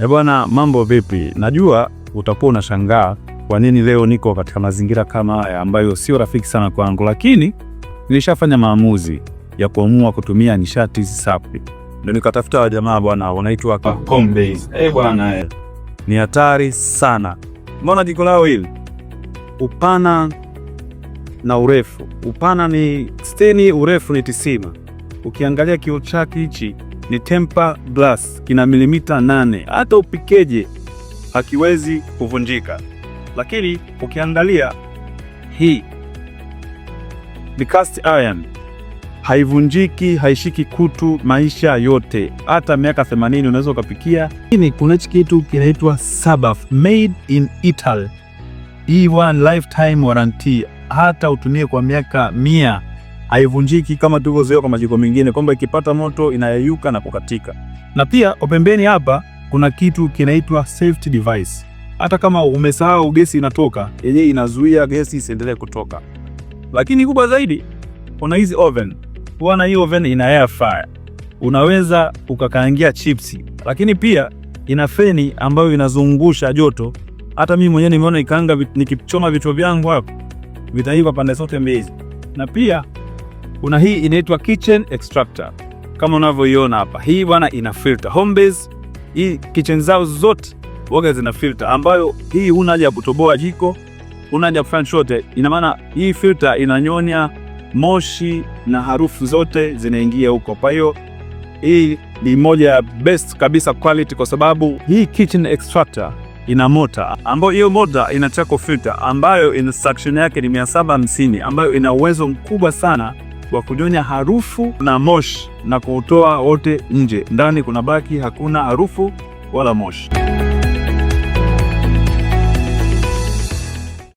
E bwana, mambo vipi? Najua utakuwa unashangaa kwa nini leo niko katika mazingira kama haya ambayo sio rafiki sana kwangu, lakini nilishafanya maamuzi ya kuamua kutumia nishati safi. Ndio nikatafuta wajamaa bwana, wanaitwa Coinbase. Ah, eh bwana, eh. ni hatari sana. Mbona jiko lao hili upana na urefu, upana ni steni urefu ni tisima Ukiangalia kio chake hichi ni temper glass, kina milimita nane. Hata upikeje hakiwezi kuvunjika. Lakini ukiangalia hii ni cast iron, haivunjiki, haishiki kutu maisha yote, hata miaka 80 unaweza ukapikia. Lakini kuna hichi kitu kinaitwa Sabaf, made in Italy. Hii one lifetime warranty, hata utumie kwa miaka mia haivunjiki kama tulivyozoea kwa majiko mengine, kwamba ikipata moto inayeyuka na kukatika. Na pia kwa pembeni hapa kuna kitu kinaitwa safety device. Hata kama umesahau gesi inatoka, yenyewe inazuia gesi isiendelee kutoka. Lakini kubwa zaidi, kuna hizi oven. Huwa hii oven ina air fryer, unaweza ukakaangia chipsi, lakini pia ina feni ambayo inazungusha joto. Hata mimi mwenyewe nimeona ikaanga, nikichoma vitu vyangu hapo vitaiva pande zote mbili, na pia kuna hii inaitwa kitchen extractor kama unavyoiona hapa, hii bwana ina filter Homebase. Hii kitchen zao zote waga zina filter ambayo hii huna haja ya kutoboa jiko, huna haja kufanya chochote. Ina maana hii filter inanyonya moshi na harufu zote zinaingia huko. Kwa hiyo hii ni moja ya best kabisa quality, kwa sababu hii kitchen extractor ina mota ambayo hiyo mota ina charcoal filter ambayo ina suction yake ni 750 ambayo ina uwezo mkubwa sana wa kunyonya harufu na moshi na kuutoa wote nje. Ndani kuna baki hakuna harufu wala moshi.